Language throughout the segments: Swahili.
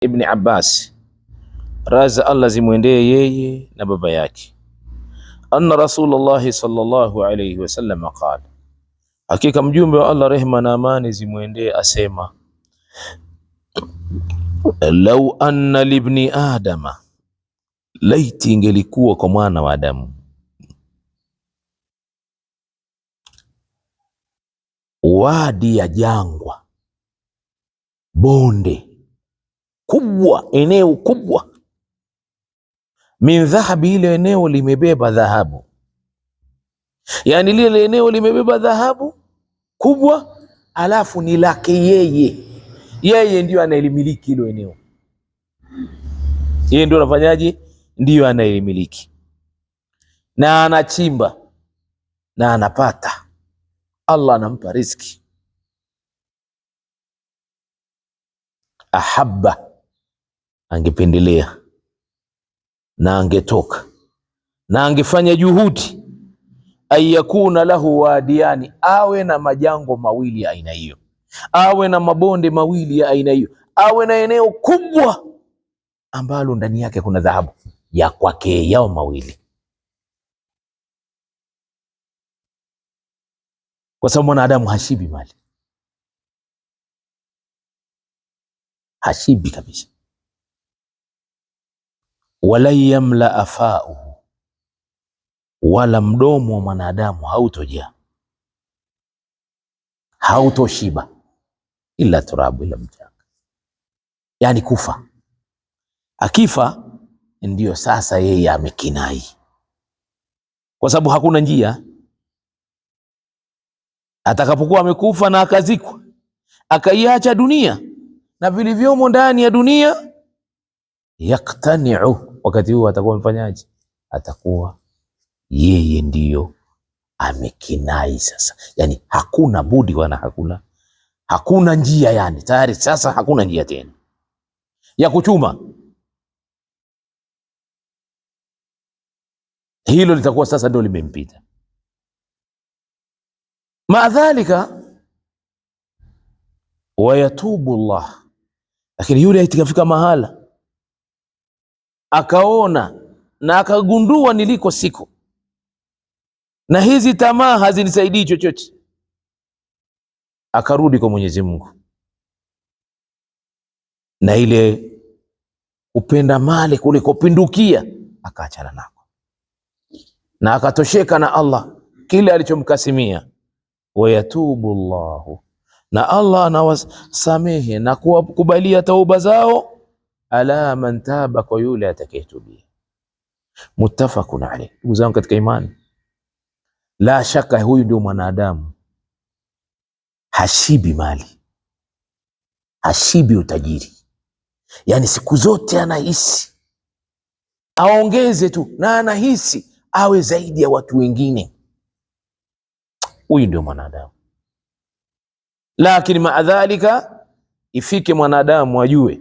Ibni Abbas, raza Allah zimwendee yeye na baba yake, anna Rasulullah sallallahu alayhi wasallam qala, hakika mjumbe wa Allah rehma na amani zimwendee asema, lau anna libni adama, laiti ingelikuwa kwa mwana wa Adamu, wadi ya jangwa, bonde kubwa, eneo kubwa. Min dhahabi, ile eneo limebeba dhahabu, yaani lile eneo limebeba dhahabu kubwa, alafu ni lake yeye. Yeye ndiyo anayelimiliki hilo eneo, yeye ndio anafanyaje? Ndiyo anayelimiliki na anachimba na anapata. Allah anampa riziki ahabba angependelea na angetoka na angefanya juhudi ayakuna lahu wadiani, awe na majango mawili ya aina hiyo, awe na mabonde mawili ya aina hiyo, awe na eneo kubwa ambalo ndani yake kuna dhahabu ya kwake yao mawili, kwa sababu mwanadamu hashibi mali, hashibi kabisa walan yamla fauhu, wala mdomo wa mwanadamu hautoja hautoshiba ila turabu, ila mchanga, yaani kufa. Akifa ndiyo sasa yeye amekinai, kwa sababu hakuna njia. Atakapokuwa amekufa na akazikwa, akaiacha dunia na vilivyomo ndani ya dunia, yaktaniu wakati huo atakuwa mfanyaji, atakuwa yeye ndiyo amekinai sasa. Yani hakuna budi wana, hakuna hakuna njia yani, tayari sasa hakuna njia tena ya kuchuma. Hilo litakuwa sasa ndio limempita. Madhalika wayatubu Allah, lakini yule itikafika mahala akaona na akagundua niliko siko, na hizi tamaa hazinisaidii chochote, akarudi kwa Mwenyezi Mungu na ile upenda mali kulikopindukia akaachana nako, na akatosheka na Allah kile alichomkasimia. Wayatubu llahu, na Allah anawasamehe na kuwakubalia tauba zao ala man taba, kwa yule atakayetubia. Muttafaqun alayh. Ndugu zangu katika imani, la shaka huyu ndio mwanadamu hashibi mali, hashibi utajiri, yaani siku zote anahisi aongeze tu, na anahisi awe zaidi ya watu wengine. Huyu ndio mwanadamu, lakini maadhalika, ifike mwanadamu ajue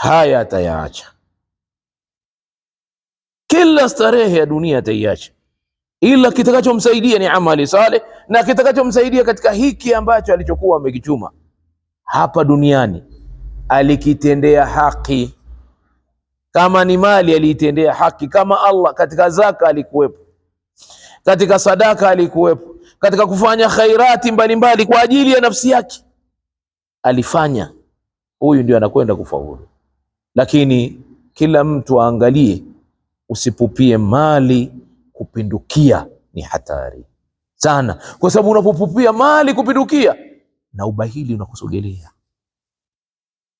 haya atayaacha. Kila starehe ya dunia ataiacha, ila kitakachomsaidia ni amali saleh, na kitakachomsaidia katika hiki ambacho alichokuwa amekichuma hapa duniani alikitendea haki, kama ni mali aliitendea haki kama Allah. Katika zaka alikuwepo, katika sadaka alikuwepo, katika kufanya khairati mbalimbali mbali, kwa ajili ya nafsi yake alifanya. Huyu ndio anakwenda kufaulu. Lakini kila mtu aangalie, usipupie mali kupindukia, ni hatari sana, kwa sababu unapopupia mali kupindukia na ubahili unakusogelea,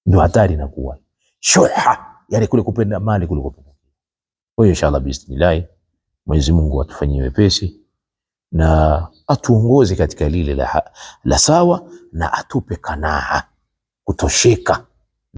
ndio hatari inakuwa shuha, yani kule kupenda mali kule kupindukia. Kwa hiyo inshallah, bismillah, Mwenyezi Mungu atufanyie wepesi na atuongoze katika lile la, la sawa na atupe kanaa kutosheka